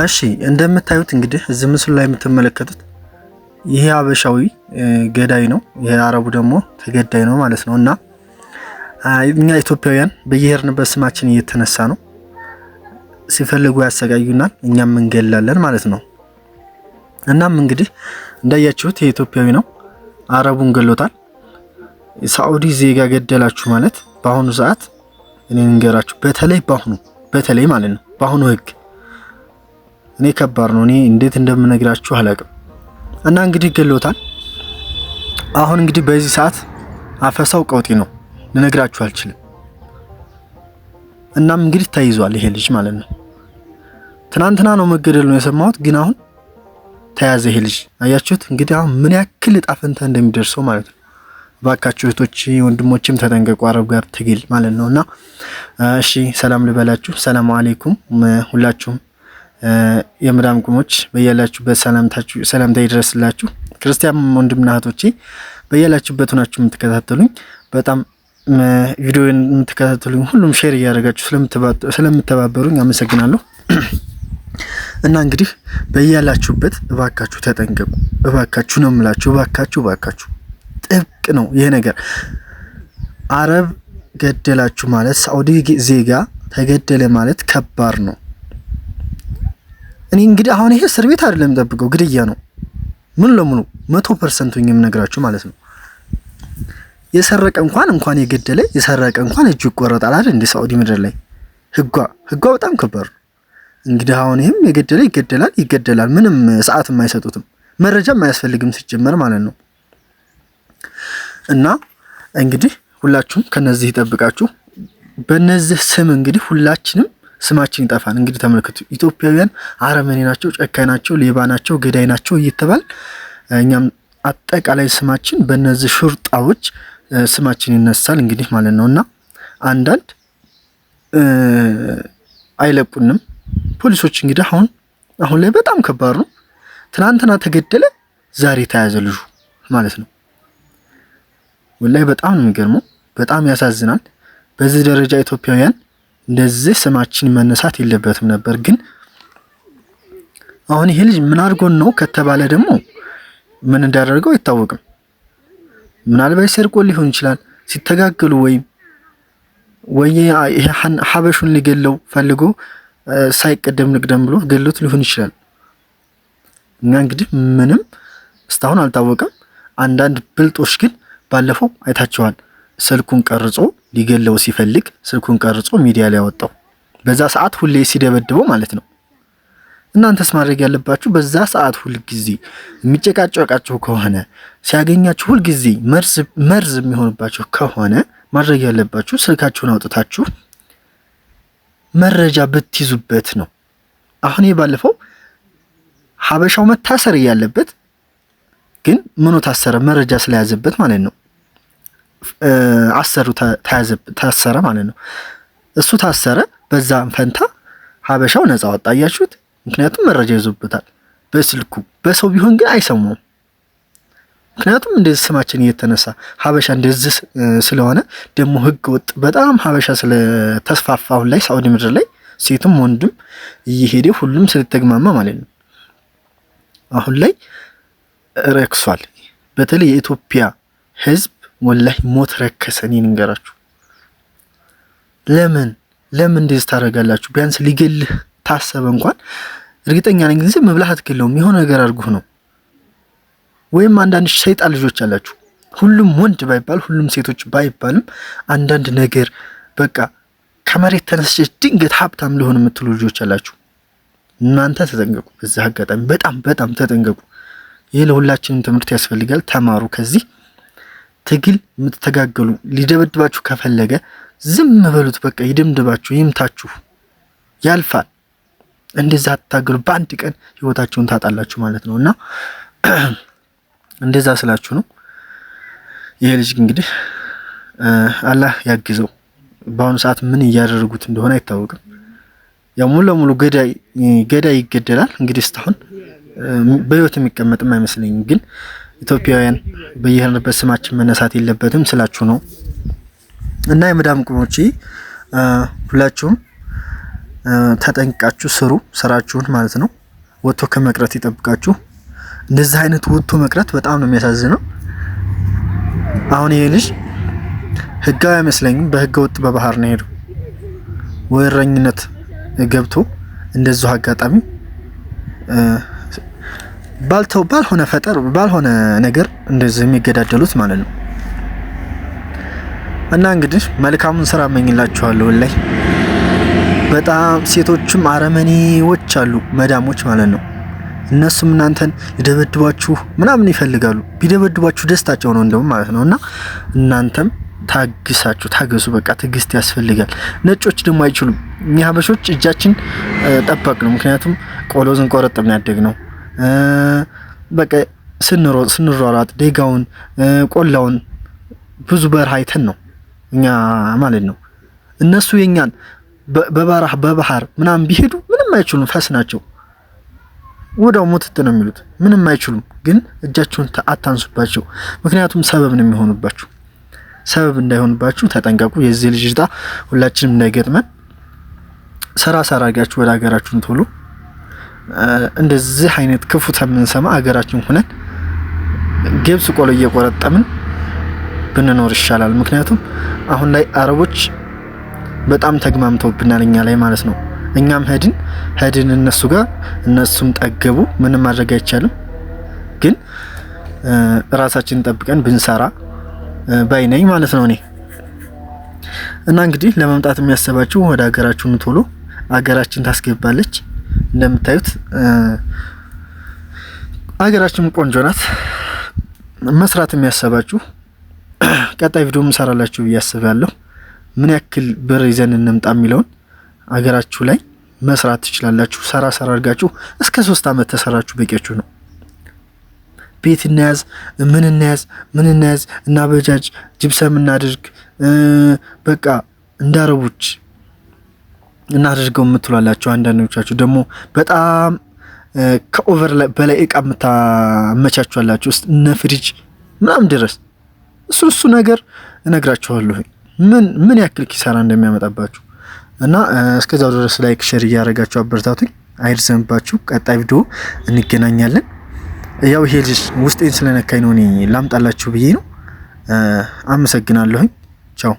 እሺ እንደምታዩት እንግዲህ እዚህ ምስሉ ላይ የምትመለከቱት ይሄ ሀበሻዊ ገዳይ ነው። ይሄ አረቡ ደግሞ ተገዳይ ነው ማለት ነው። እና እኛ ኢትዮጵያውያን በየሄድንበት ስማችን እየተነሳ ነው። ሲፈልጉ ያሰቃዩናል፣ እኛም እንገላለን ማለት ነው። እናም እንግዲህ እንዳያችሁት የኢትዮጵያዊ ነው፣ አረቡን ገሎታል። ሳዑዲ ዜጋ ገደላችሁ ማለት በአሁኑ ሰዓት እኔ እንገራችሁ፣ በተለይ በአሁኑ በተለይ ማለት ነው በአሁኑ ህግ እኔ ከባድ ነው። እኔ እንዴት እንደምነግራችሁ አላቅም። እና እንግዲህ ገሎታል። አሁን እንግዲህ በዚህ ሰዓት አፈሳው ቀውጢ ነው፣ ልነግራችሁ አልችልም። እናም እንግዲህ ተይዟል ይሄ ልጅ ማለት ነው። ትናንትና ነው መገደሉ ነው የሰማሁት፣ ግን አሁን ተያዘ ይሄ ልጅ። አያችሁት እንግዲህ አሁን ምን ያክል እጣ ፈንታ እንደሚደርሰው ማለት ነው። ባካችሁ እህቶች ወንድሞችም ተጠንቀቁ። አረብ ጋር ትግል ማለት ነው እና እሺ፣ ሰላም ልበላችሁ። ሰላም አሌይኩም ሁላችሁም የመዳም ቁሞች በያላችሁበት ሰላምታ ይድረስላችሁ። ክርስቲያን ወንድምና እህቶቼ በያላችሁበት ሆናችሁ የምትከታተሉኝ በጣም ቪዲዮ የምትከታተሉኝ ሁሉም ሼር እያደረጋችሁ ስለምተባበሩኝ አመሰግናለሁ። እና እንግዲህ በያላችሁበት እባካችሁ ተጠንቀቁ። እባካችሁ ነው የምላችሁ። እባካችሁ እባካችሁ፣ ጥብቅ ነው ይሄ ነገር። አረብ ገደላችሁ ማለት ሳዑዲ ዜጋ ተገደለ ማለት ከባድ ነው። እኔ እንግዲህ አሁን ይሄ እስር ቤት አይደለም የምጠብቀው ግድያ ነው። ምን ለምኑ መቶ ፐርሰንት የምነግራችሁ ማለት ነው። የሰረቀ እንኳን እንኳን የገደለ የሰረቀ እንኳን እጁ ይቆረጣል አይደል? እንደ ሳኡዲ ምድር ላይ ህጓ ህጓ በጣም ከባድ ነው። እንግዲህ አሁን ይህም የገደለ ይገደላል ይገደላል። ምንም ሰዓት የማይሰጡትም መረጃም አያስፈልግም ሲጀመር ማለት ነው። እና እንግዲህ ሁላችሁም ከነዚህ ይጠብቃችሁ። በነዚህ ስም እንግዲህ ሁላችንም ስማችን ይጠፋል። እንግዲህ ተመልክቱ ኢትዮጵያውያን አረመኔ ናቸው፣ ጨካኝ ናቸው፣ ሌባ ናቸው፣ ገዳይ ናቸው እየተባል እኛም አጠቃላይ ስማችን በእነዚህ ሹርጣዎች ስማችን ይነሳል እንግዲህ ማለት ነው። እና አንዳንድ አይለቁንም ፖሊሶች እንግዲህ አሁን አሁን ላይ በጣም ከባድ ነው። ትናንትና ተገደለ፣ ዛሬ ተያዘ ልጁ ማለት ነው። ወላይ በጣም ነው የሚገርመው፣ በጣም ያሳዝናል። በዚህ ደረጃ ኢትዮጵያውያን እንደዚህ ስማችን መነሳት የለበትም ነበር። ግን አሁን ይሄ ልጅ ምን አድርጎን ነው ከተባለ ደግሞ ምን እንዳደረገው አይታወቅም። ምናልባት ሰርቆ ሊሆን ይችላል። ሲተጋገሉ ወይም ወይ ሀበሹን ሊገለው ፈልጎ ሳይቀደም ልቅደም ብሎ ገሎት ሊሆን ይችላል። እና እንግዲህ ምንም እስካሁን አልታወቀም። አንዳንድ ብልጦች ግን ባለፈው አይታቸዋል። ስልኩን ቀርጾ ሊገለው ሲፈልግ ስልኩን ቀርጾ ሚዲያ ላይ ያወጣው በዛ ሰዓት ሁሌ ሲደበድበው ማለት ነው። እናንተስ ማድረግ ያለባችሁ በዛ ሰዓት ሁልጊዜ የሚጨቃጨቃችሁ ከሆነ ሲያገኛችሁ ሁልጊዜ መርዝ የሚሆንባችሁ ከሆነ ማድረግ ያለባችሁ ስልካችሁን አውጥታችሁ መረጃ ብትይዙበት ነው። አሁን ባለፈው ሀበሻው መታሰር እያለበት ግን ምኖ ታሰረ? መረጃ ስለያዘበት ማለት ነው። አሰሩ ታሰረ ማለት ነው። እሱ ታሰረ። በዛም ፈንታ ሀበሻው ነፃ ወጣ። አያችሁት? ምክንያቱም መረጃ ይዞበታል በስልኩ በሰው ቢሆን ግን አይሰማውም። ምክንያቱም እንደዚህ ስማችን እየተነሳ ሀበሻ እንደዚህ ስለሆነ ደግሞ ህገ ወጥ በጣም ሀበሻ ስለተስፋፋ አሁን ላይ ሳውዲ ምድር ላይ ሴትም ወንድም እየሄደ ሁሉም ስለተግማማ ማለት ነው አሁን ላይ ረክሷል። በተለይ የኢትዮጵያ ህዝብ ወላሂ ሞት ረከሰ። እኔ ንገራችሁ ለምን ለምን እንደዚህ ታደርጋላችሁ? ቢያንስ ሊገልህ ታሰበ እንኳን እርግጠኛ ነኝ ጊዜ መብላህ አትገለውም። የሆነ ነገር አድርጎህ ነው። ወይም አንዳንድ ሸይጣን ልጆች አላችሁ። ሁሉም ወንድ ባይባል ሁሉም ሴቶች ባይባልም አንዳንድ ነገር በቃ ከመሬት ተነስቼ ድንገት ሀብታም ሊሆን የምትሉ ልጆች አላችሁ። እናንተ ተጠንቀቁ። በዚህ አጋጣሚ በጣም በጣም ተጠንቀቁ። ይህ ለሁላችንም ትምህርት ያስፈልጋል። ተማሩ ከዚህ ትግል የምትተጋገሉ ሊደበድባችሁ ከፈለገ ዝም በሉት። በቃ ይደምድባችሁ፣ ይምታችሁ፣ ያልፋል። እንደዛ አትታገሉ። በአንድ ቀን ህይወታችሁን ታጣላችሁ ማለት ነው። እና እንደዛ ስላችሁ ነው። ይሄ ልጅ እንግዲህ አላህ ያግዘው። በአሁኑ ሰዓት ምን እያደረጉት እንደሆነ አይታወቅም። ያው ሙሉ ለሙሉ ገዳይ ገዳይ ይገደላል። እንግዲህ እስካሁን በህይወት የሚቀመጥም አይመስለኝም ግን ኢትዮጵያውያን በየሄድንበት ስማችን መነሳት የለበትም ስላችሁ ነው። እና የመዳም ቁሞች ሁላችሁም ተጠንቃችሁ ስሩ፣ ስራችሁን ማለት ነው። ወጥቶ ከመቅረት ይጠብቃችሁ። እንደዚህ አይነት ወጥቶ መቅረት በጣም ነው የሚያሳዝነው። አሁን ይሄ ልጅ ህጋዊ አይመስለኝም። በህገ ወጥ በባህር ነው ሄደው ወይረኝነት ገብቶ እንደዚሁ አጋጣሚ ባልተው ባልሆነ ፈጠር ባልሆነ ነገር እንደዚህ የሚገዳደሉት ማለት ነው። እና እንግዲህ መልካሙን ስራ እመኝላችኋለሁ። ላይ በጣም ሴቶችም አረመኔዎች አሉ፣ መዳሞች ማለት ነው። እነሱም እናንተን ሊደበድቧችሁ ምናምን ይፈልጋሉ። ቢደበድቧችሁ ደስታቸው ነው እንደውም ማለት ነው። እና እናንተም ታግሳችሁ ታገሱ። በቃ ትዕግስት ያስፈልጋል። ነጮች ደግሞ አይችሉም። እኛ ሀበሾች እጃችን ጠባቅ ነው። ምክንያቱም ቆሎ ዝንቆረጥ የሚያደግ ነው በቃ ስንሮጥ ስንሯሯጥ ደጋውን ቆላውን ብዙ በረሃ አይተን ነው እኛ ማለት ነው። እነሱ የኛን በበረሃ በባህር ምናምን ቢሄዱ ምንም አይችሉም። ፈስ ናቸው። ወዳው ሞትት ነው የሚሉት ምንም አይችሉም። ግን እጃችሁን አታንሱባቸው፣ ምክንያቱም ሰበብ ነው የሚሆኑባችሁ። ሰበብ እንዳይሆንባችሁ ተጠንቀቁ። የዚህ ልጅ ዕጣ ሁላችንም እንዳይገጥመን ሰራ ሰራ ወደ ሀገራችሁን ቶሎ እንደዚህ አይነት ክፉ ከምንሰማ አገራችን ሁነን ገብስ ቆሎ እየቆረጠምን ብንኖር ይሻላል። ምክንያቱም አሁን ላይ አረቦች በጣም ተግማምተውብናል እኛ ላይ ማለት ነው። እኛም ሄድን ሄድን እነሱ ጋር እነሱም ጠገቡ። ምንም ማድረግ አይቻልም። ግን ራሳችንን ጠብቀን ብንሰራ ባይነኝ ማለት ነው እኔ እና እንግዲህ ለመምጣት የሚያስባችሁ ወደ ሀገራችሁ ቶሎ ሀገራችን ታስገባለች። እንደምታዩት አገራችን ቆንጆ ናት። መስራት የሚያሰባችሁ ቀጣይ ቪዲዮ ምሰራላችሁ ብዬ አስባለሁ። ምን ያክል ብር ይዘን እንምጣ የሚለውን አገራችሁ ላይ መስራት ትችላላችሁ። ሰራ ሰራ አድርጋችሁ እስከ ሶስት አመት ተሰራችሁ በቂያችሁ ነው። ቤት እናያዝ፣ ምን እናያዝ፣ ምን እናያዝ፣ እናበጃጅ፣ ጅብሰም እናድርግ፣ በቃ እንደ አረቦች እናደርገው የምትሏላቸው አንዳንዶቻችሁ ደግሞ በጣም ከኦቨር በላይ እቃ የምታመቻችኋላችሁ ውስጥ እነ ፍሪጅ ምናምን ድረስ እሱ እሱ ነገር እነግራችኋለሁ ምን ምን ያክል ኪሳራ እንደሚያመጣባችሁ እና እስከዛው ድረስ ላይክ ሼር እያደረጋችሁ አበረታቱኝ። አይርዘምባችሁ። ቀጣይ ቪዲዮ እንገናኛለን። ያው ይሄ ልጅ ውስጤን ስለነካኝ ነው እኔ ላምጣላችሁ ብዬ ነው። አመሰግናለሁኝ። ቻው